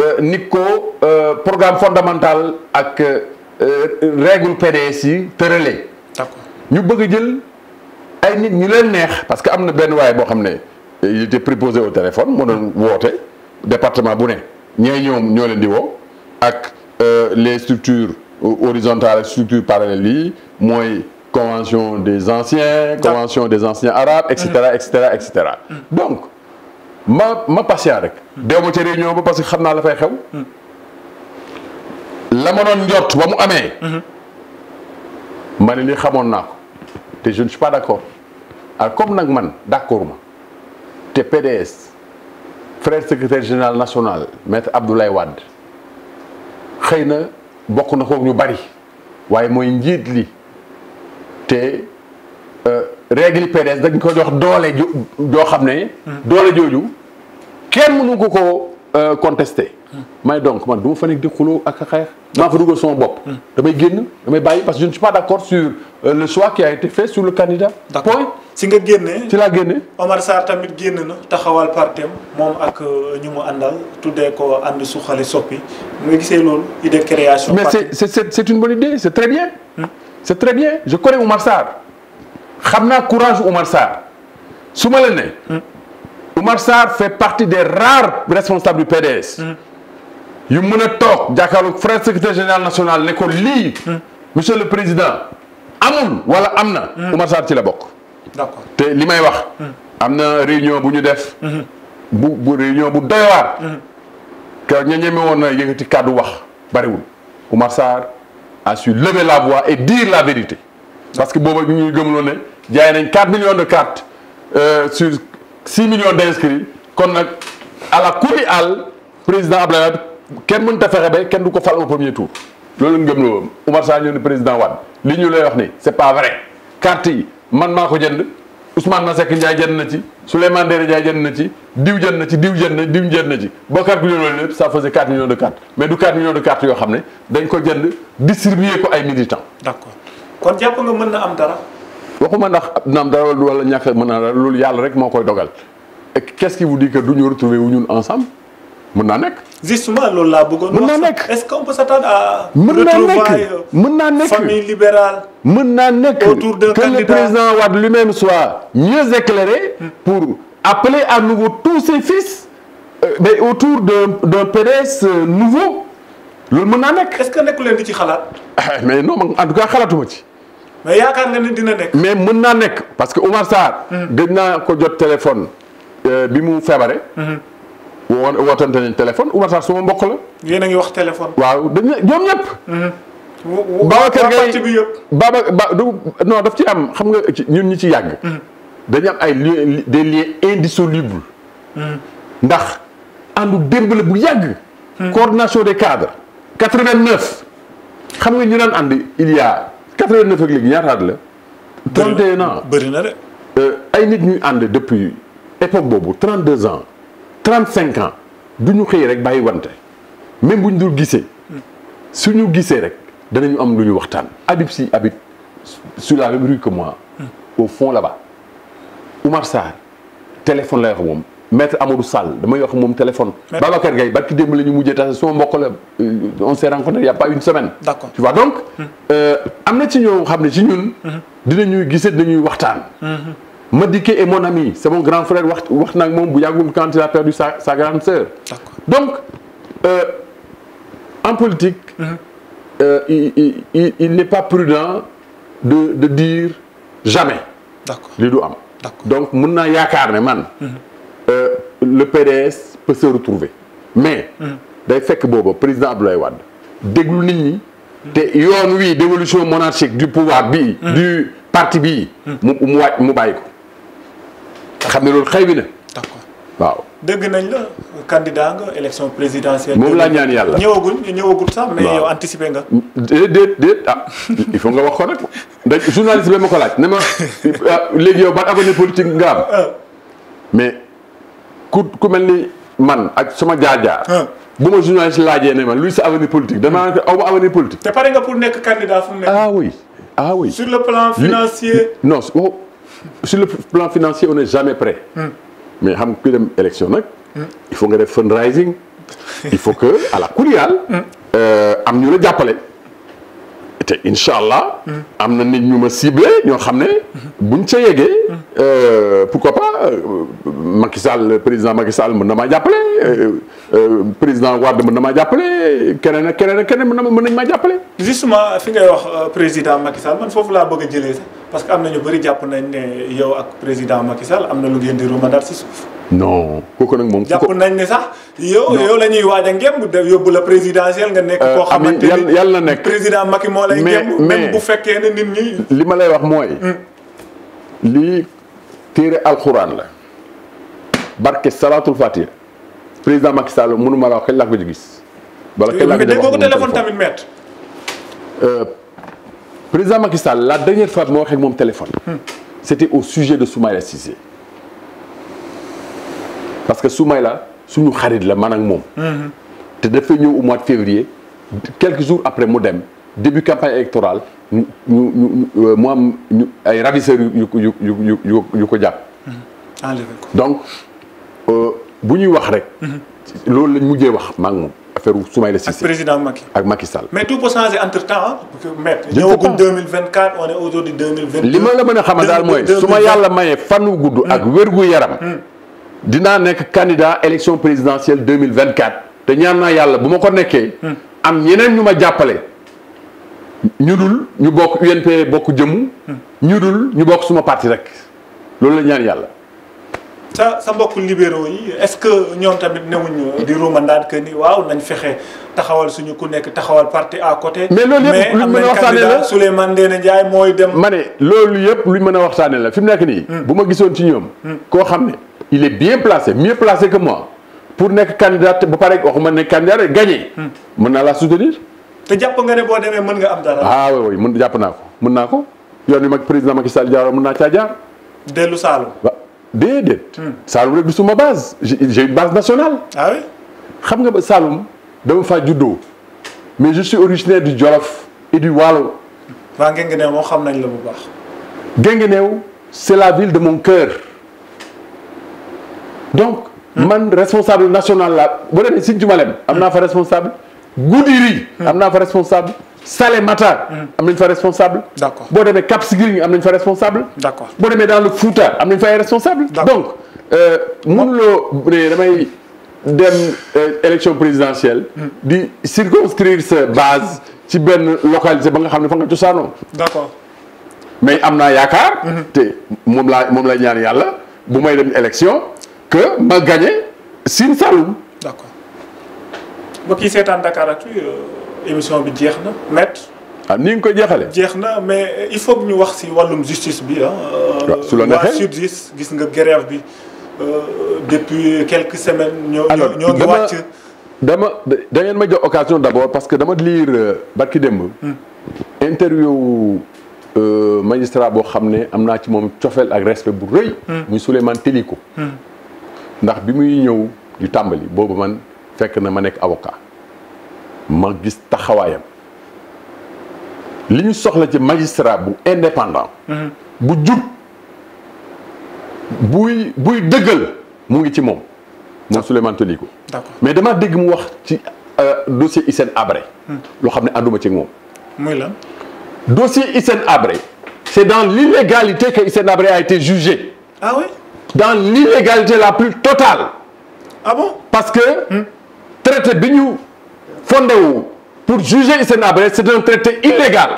euh, nico euh, programme fondamental ak euh, règle PDS yi Nous d'accord ñu bëgg jël parce que am na benn waaye il était au téléphone moo voté. Le département bu ne ñee ñoom ñoo les structures horizontales structures parallèles yi convention des anciens. convention des anciens arabes. etc. etc etc donc ma ma passer rek. dew ma réunion ba parce que xamna la fay xew. la ma doon njort ba mu amé man li xamone naa té je ne suis pas d'accord accord comme nak man d'accord ma té PDS frère secrétaire général national maître Abdoulaye Wad xeyna na na ko ñu bari waye moy njit li té euh règle PDS dañ ko jox doole jo xamné xam ne. doole jooju kenn mënu ko ko euh, contester may donc man du ma fa nekk di xuloo ak xeex. ma fa dugal son bop damay génn damay bàyyi parce que je ne suis pas d'accord sur euh, le choix qui a été fait sur le candidat. point si nga guenné ci la guenné Omar sar tamit génn na taxawal partem mom ak euh, ñu mu àndal tuddee ko ànd suxali soppi nga gisé loolu idée création. mais c'est c'est c'est une bonne idée c'est très bien. Hmm. c'est très bien je connais Omar sar xamna courage Oumar Sarr su ne. Oumar Sarr fait partie des rares responsables du PDS. Hmm. yu mën a d'ailleurs, le frère secrétaire général national ne ko li hmm. monsieur le président amul wala Amna hmm. Omar Oumar Sarr ci la bok d'accord té limay wax. eu une réunion buñu def. bu bu réunion bu doy war keroog ña won na yëngati kàddu wax wul Oumar Sarr a su lever la voix et dire la vérité parce que booba ñu ngi il y a nañ 4 millions de cartes euh, sur 6 millions d'inscrits. quand kon à la cour le président Abdoulaye Wade kenn mënut a fexe ba ne du ko fal au premier tour loolu la ñu gëmloo Oumar président Wade li ñu lay wax ni pas vrai carte yi man maa ko jënd Ousmane Masseck Ndiaye jënd na ci Souleymane Ndéné Ndiaye jënd na ci diw jënd na ci diw jënd na diw jënd na ci boo ça faisait 4 millions de cartes mais du 4 millions de cartes yo xamné dañ ko jënd distribuer ko ay militants. D'accord kon japp nga mën am dara. waxuma ndax dina am dara wala ñak a mën yalla rek moo koy dogal qu'est-ce qui vous dit que duñu retrouver wu ñun ensemble mën nek justement loolu la bëggoon. wax est-ce qu'on peut s'attendre à. mën naa nekk euh, famille libérale. mën nek autour d'un candidat que le président wad lui-même soit mieux éclairé. Hmm. pour appeler à nouveau tous ses fils. Euh, mais autour d'un père PDS euh, nouveau Le mën est-ce que nekkuleen di ci xalaat. Ah, mais non en tout cas xalaatuma ci mais yaakaar nga ni dina nek mais mën naa nekk parce que Oumar Sarr. Hmm. gëj naa ko jot téléphone euh, bi mu feebare. Hmm. woo wootante nañ téléphone Oumar Sarr suma mbokk la. yéen ngi wax téléphone. waaw dañ ne ñoom ñëpp. Hmm. Babacar Gueye bi Baba du non daf ci am xam nga ñun ñi ci yàgg. dañu am ay liens des liens indissolubles. ndax andu démb bu yàgg. coordination des cadres. 89 xam nga ñu daan andi il y a. 89 ak 31 ans bëri na euh, ay nit ñuy depuis époque bobu 32 ans 35 ans duñu xey rek bayyi wante même Si dul gissé suñu gissé rek danañu am luñu waxtaan. Habib Sy habite sur la même rue que moi. Mm. au fond là-bas Oumar Sarr téléphone lay wax maître Amadou Sall dama wax mom téléphone. Babacar Gaye barki démb la ñu mujjee tase suma mbokk la euh, on s'est rencontré il y a pas une semaine. tu vois donc. Hum. euh amna ci ñoo xam ci ñun. Hum. dinañuy gisee dinañuy waxtaan. Hum. Madické est mon ami c'est mon grand frère wax wax na ak bu yàggul quand il a perdu sa sa grande sœur. donc euh, en politique. Euh, il, il, il, il n'est pas prudent de de dire jamais. d'accord li do am. donc mun naa yaakaar man le PDS peut se retrouver mais day que président de Wade déglu nit ñi y monarchique du pouvoir du parti B, mu mu waaj mu bàyyi de xam ne candidat élection présidentielle. ñaan mais ah, il faut nga journaliste Néma, ne euh, politique euh. mais ku ku mel ni man ak sama jaar-jaar. Ah. bu ma journaliste laajee ne ma luy sa avenir politique danaa ko aw avenir politique. te pare nga pour nekk candidat fu mu ah oui ah oui. sur le plan financier. non oh, sur le plan financier on n'est jamais prêt. Hmm. mais xam kuy dem élection nag. Hmm. il faut nga def fundraising. il faut que à la hmm. euh, am ñu la jàppale. te incha allah. am na nit ñu ma ciblé ñoo xam ne. buñ ca yeggee. Euh, pourquoi pas euh, Macky Sall président Macky Sall mën na maa jàppale euh, président Wade mën na maa jàppale keneen ak keneen ak keneen mën na ma mën nañ maa jàppale. justement fi ngay wax président Macky Sall man foofu laa bëgg jëlee sax parce que am na ñu bëri jàpp nañ ne yow ak président Macky Sall am na lu ngeen di rumandaat si suuf. non kooku nag moom. jàpp nañ ne sax yow yow la ñuy waaj def yóbbu la présidentielle nga nekk. koo euh, xamante ni yàlla nekk président Macky moo lay. ngémb même bu fekkee ne nit ñi. li ma lay wax mooy. Hmm. lii téere alxuraan la barke salaatul fatiha président Macky Sall mënu ma la wax kañ laa ko di gis. wala kañ laa ko di wax ko téléphone tamit euh, président Macky Sall la dernière fois bi ma waxee ak moom téléphone. Hmm. c'était au sujet de Soumaïla Cissé parce que Soumaïla suñu xarit la man ak moom. Mhm. te dafa ñëw au mois de février quelques jours après Modem, début campagne électorale ñu ñu ñu mu am euh, ay ravisseurs yu yu yu mhm. ko donc si euh, on wax rek. Mhm. loolu lañ a wax c'est ngi moom affaire Soumaïla Cissé. ak président Macky Avec Macky Sall. mais tout peut changer entre temps maître. ñëwaguñ 2024 on est aujourd'hui 2022. li ma la mën a xamal daal mooy su ma yàlla mayee fanu gudd. ak mm. wér gu yaram. Mm dina nek candidat élection présidentielle 2024 te ñaan na yalla bu ma ko nekkee hmm. am ñeneen ñuma jappalé ñudul ñu bok UNP bok jëmu ñudul ñu bok hmm. suma parti rek loolu la ñaan yalla sa sa mbokk libéraux yi est-ce que ñom tamit newuñu di mandat que ni waaw nañ fexé taxawal suñu ku nekk taxawal parti à côté. mais loolu yëpp luñ mën a waxtaanee la Souleymane Ndéné Ndiaye mooy dem. mané loolu yëpp lu mën a la fi nekk nii. Hmm. bu gisoon ci ñom ko xamné il est bien placé mieux placé que moi pour être candidat Pour que waxuma candidat gagner. Hmm. mën la soutenir. ah oui oui mën ko mën naa ko yoon président mën le hmm. rek du suma base j'ai une base nationale. ah oui xam nga Je Saalum dama du dos. mais je suis originaire du Jolof et du Walo. c'est la ville de mon cœur donc man responsable national là, vous de vous responsable Goudiri am responsable Salé Matar responsable d'accord Vous avez Cap Skirring responsable d'accord Vous dans le Fouta responsable donc euh, mon ne damay euh, élection présidentielle hmm. di circonscrire sa base ci ben localité ba nga fa nga d'accord mais am des la la ñaan élection que ma gagné Sine D'accord. d' qui mbokk yi seetaan Dakaractu euh, émission bi jeex na maître. Ah, ni nga ko jeexalee. jeex na mais euh, il faut que ñu wax si wàllum justice bi ah. su la neexee waa SYTJUST gis nga grève bi euh, depuis quelques semaines. ñoo ñoo ngi wàcc dama da ngeen ma jox occasion d'abord, parce que dama lire barki démb. Hmm. interview magistrat boo xam ne am naa ci moom cofeel ak respect bu rëy. Hmm. muy Souleymane Téliko. Hmm ndax bi muy ñëw di tambali boobu man fekk na ma nekk avocat ma gis taxawaayam li ñu soxla ci magistrat bu indépendant. Mm-hmm. bu jub buy buy dëggal mu ngi ci moom. moom Souleymane toliko mais damaa dégg mu wax ci euh, dossier Isen abré mm. loo xam ne ànduma ci moom. muy lan. dossier Hissène Habré. c'est dans l'illégalité que Isen abré a été jugé. ah oui dans l'illégalité la plus totale. ah bon parce que. Hmm. traité Bignou pour juger le c'est un traité illégal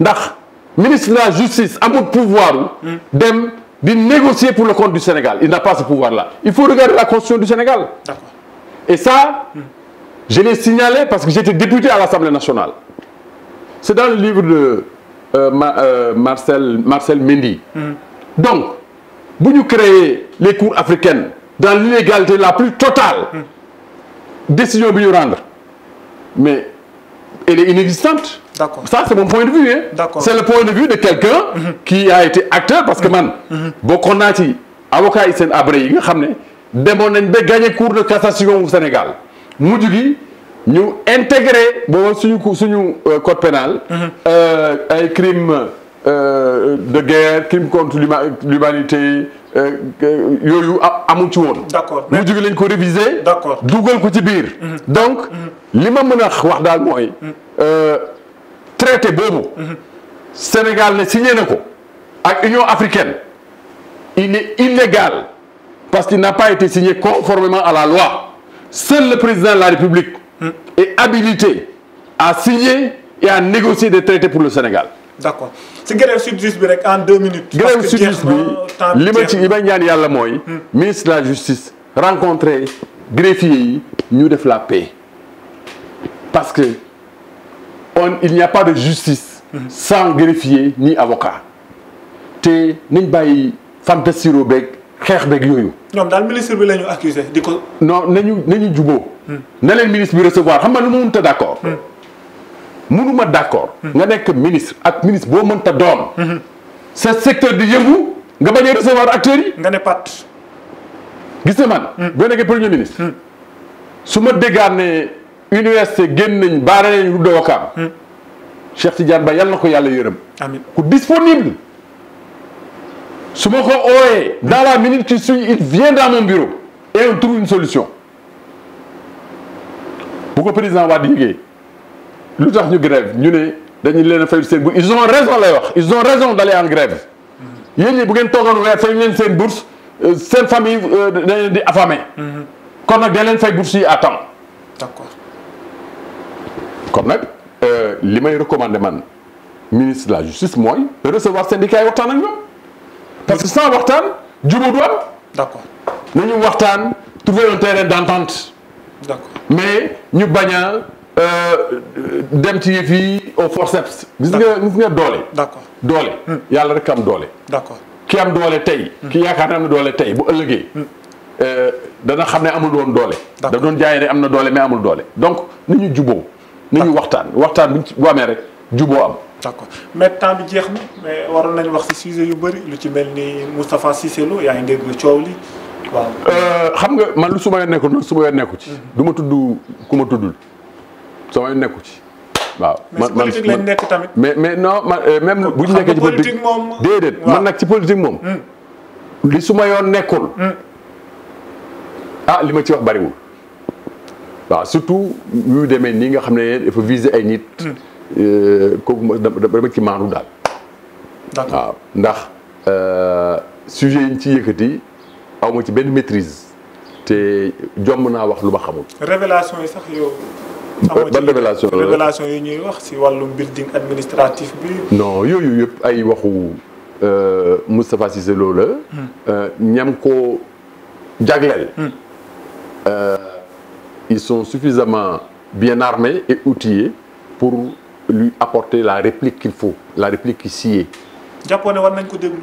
le ministre de la justice a le pouvoir hmm. dem négocier pour le compte du Sénégal il n'a pas ce pouvoir là il faut regarder la constitution du Sénégal. et ça. Hmm. Je l'ai signalé parce que j'étais député à l'Assemblée nationale. C'est dans le livre de euh, euh, Marcel, Mendy. Donc, vous nous créer les cours africaines dans l'inégalité la plus totale décision pour nous rendre mais elle est inexistante. d'accord ça c'est mon point de vue hein. c'est le point de vue de quelqu'un mhm. qui a été acteur parce que mhm. man. Mhm. beaucoup naa avocat yi Abrey, abré yi nga xam ne gagné cours de cassation au Sénégal nous nous ñu intégré booba suñu euh, code pénal un euh, crime. Euh, de guerre crime contre l'humanité euh, euh, yoyou, amul d'accord Nous réviser. d'accord dugal ko mhm. donc mhm. l'imam ma mhm. traité le Sénégal ne signé na africaine il est illégal parce qu'il n'a pas été signé conformément à la loi seul le président de la République. est habilité à signer et à négocier des traités pour le Sénégal. d'accord si grève justice bi rek en deux minutes. grève justice bi lima ci li ñaan yalla moy ministre de la justice Rencontrer greffier yi ñu def la paix parce que on il n'y a pas de justice. Hmm. sans greffier ni avocat. te nañ bàyyi fantasiro beeg xex beeg yoyu ñoom dal ministre bi la accuser accusé non nañu nañu juboo. Hmm. na leen ministre bi recevoir xam nga lu mu mënta d'accord. Hmm mënuma d'accord nga nekk ministre ak ministre boo mënta doon sa secteur di yëngu nga bañ a recevoir acteurs yi nga ne pat gis na man hmm. boo le premier ministre hmm. su ma dégage L'université, université génn nañ baare nañ lu dowakaam hmm. Cheikh Tidiane Ba yàlla na ko yàlla disponible Si je ko dans la minute qui suit il vient dans mon bureau et on trouve une solution bu le président Wade yëgee lu tax ñu grève ñu ne dañu leen a fayul ils ont raison lay wax ils ont raison d'aller en grève yéen ñi bu ngeen toogoon weer fay leen seen bourse euh, seen famille euh, dañ di affamé mm-hmm. kon leen fay d'accord kon nag euh, li may man ministre de la justice mooy recevoir syndicat yi ak parce que sans waxtaan jubóo du am d'accord nañu waxtaan trouver un terrain d'entente d'accord mais ñu bañ euh, dem ci au forceps. gis nga gis nga doole. d'accord doole. Hmm. yalla rek am doole. d'accord ki am doole tay hmm. ki yaakaar am doole tay bu hmm. euh dana amul woon doole. da doon mais amul doole donc nous sommes niñu waxtaan waxtaan buñ bu rek am. d'accord mais temps bi jeex mais nañ wax ci sujet yu bari lu ci Moustapha Cissé Lo yaa ngi dégg coow Je euh, xam nga man lu suma ma yoon nekkul sama nekku ci waaw. ma man politique nekk tamit. mais mais non man euh, même bu ñu nekkee ci politique moom déedéet man nag ci politique moom. Hmm. li su ma yoon nekkul. Hmm. ah li ma ci wax bariwul. waaw surtout yu demee nii nga xam ne dafa viser ay nit. Hmm. Euh, kooku dama ci maanu daal. waaw ndax euh, sujet yi ñu ci yëkkati awma ci benn maîtrise te jomm naa wax lu ma xamul. yi sax ban révélation la révélation yi ñuy wax si wàllum building administratif bi. non yoyu yep ay waxu euh, Moustapha Cissé le la. Hmm. Euh, ñam ko hmm. euh ils sont suffisamment bien armés et outillés pour lui apporter la réplique qu'il faut la réplique qui sied. japonais nañ ko déglu.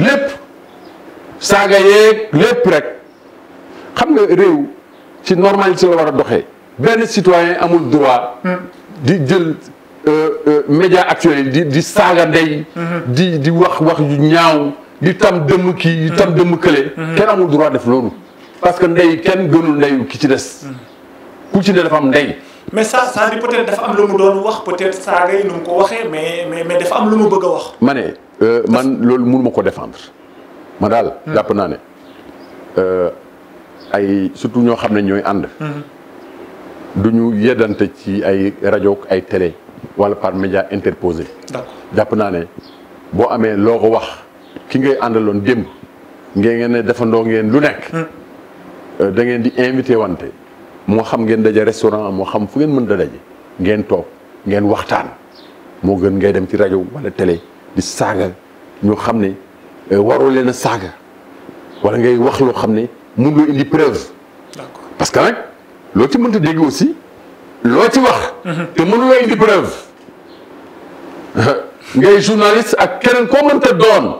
lépp saaga yeeg lépp rek xam nga réew ci normalité la war a doxee benn citoyen amul droit di jël euh, euh, média actuel di di saaga ndey di di wax wax yu ñaaw di tam dëmm kii di tam dëmm kële kenn amul droit def loolu parce que ndey kenn gënul ndeyu ki ci des ku ci ne dafa am ndey mais ça ça peut-être dafa am lu mu doon wax peut-être saaga yi nu ko waxee mais mais mais dafa am lu mu bëgg a wax ma ne Euh, man loolu mënu ma ko défendre ma daal hmm. jàpp naa ne euh, ay surtout ñoo xam ne ñooy ànd hmm. du ñu yeddante ci ay rajo ay télé wala par média interposé jàpp naa ne boo amee loo ko wax ki ngay àndaloon démb ngeen ngeen defandoo ngeen lu nekk hmm. euh, da ngeen di invité wante moo xam ngeen daje restaurant moo xam fu ngeen mën da daje ngeen toog ngeen waxtaan moo gën ngay dem ci rajo wala télé di saga ñu xamné ne euh, leena saga wala ngay wax lo xamné ne mun indi preuve. d'accord parce que nag loo ci mënta dégg aussi lo ci wax. Mhm. te mënuloo indi preuve. ngay journaliste ak keneen koo mënta doon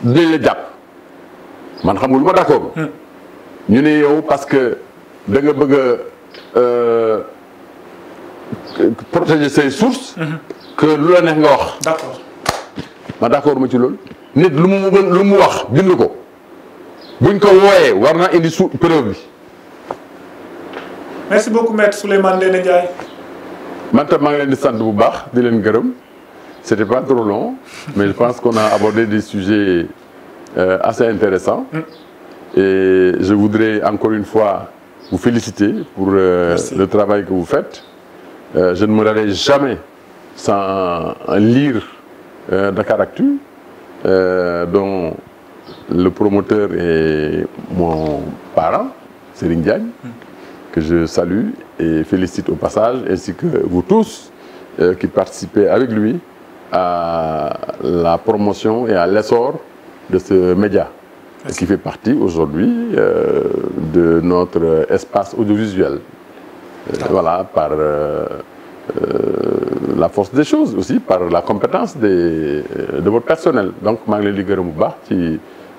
dinañ la jàpp man xam nga lu d'accord. Mhm. ñu né yow parce que da nga bëgg euh protéger ses sources. Mhm. que lu la neex nga wax. d'accord ma d'accord ma ci loolu nit lu mu lu mu wax bind ko buñ ko woyé war indi preuve bi. merci beaucoup maître Souleymane Ndéné Ndiaye. man tam ma ngi di sant bu baax di c'était pas trop long mais je pense qu'on a abordé des sujets euh, assez intéressants mm. et je voudrais encore une fois vous féliciter pour euh, le travail que vous faites. Euh, je ne me rendrai jamais sans lire euh, euh, dont le promoteur est mon parent, Céline Diagne, que je salue et félicite au passage, ainsi que vous tous euh, qui participez avec lui à la promotion et à l'essor de ce média, qui fait partie aujourd'hui euh, de notre espace audiovisuel. voilà, par... Euh, la force des choses aussi par la compétence des euh, de votre personnel donc maa ngi leen bu baax ci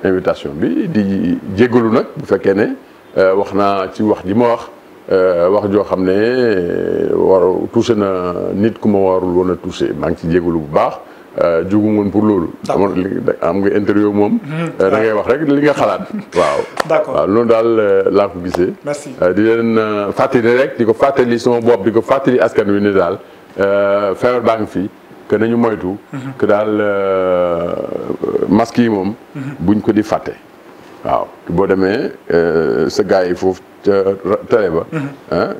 invitation bi di jégalu nag bu fekkee ne euh, wax naa ci wax ji ma wax wax joo xam war touché na nit ku ma warul woon a touché ci jégalu bu baax. Euh, jugu ngoon pour loolu. am nga interview moom. Mhm. Euh, da wax rek li nga xalaat. waaw d'accord waaw loolu daal euh, laa ko gisee. di leen fàttali rek di ko fàttali sama bopp di ko fàttali askan wi ni daal feebar baa ngi fi que nañu moytu. Mhm. que daal masque yi moom. Mhm. buñ ko di fàtte. waaw boo demee sa gars yi foofu ca télé ba.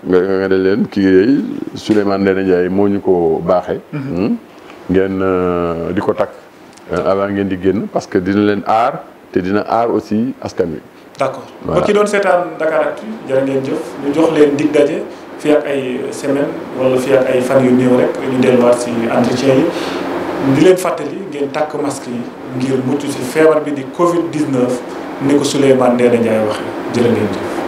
nga nga ne leen kii yooyu Souleymane Ndéné moo ñu ko baaxee. Hmm? ngeen euh, di ko takk euh, avant ngeen di génn parce que dina leen aar te dina aar aussi askan wi. d'accord ba ci doon seetaan Dakaractu jërë ngeen jëf ñu jox leen dig daje fii ay semaine wala fii ay fan yu néew rek ñu delluwaat si entretien yi. di leen fàttali ngeen takk masque yi ngir mucc ci feebar bi di Covid 19 ni ko Souleymane Ndéné Ndiaye waxee jërë ngeen jëf.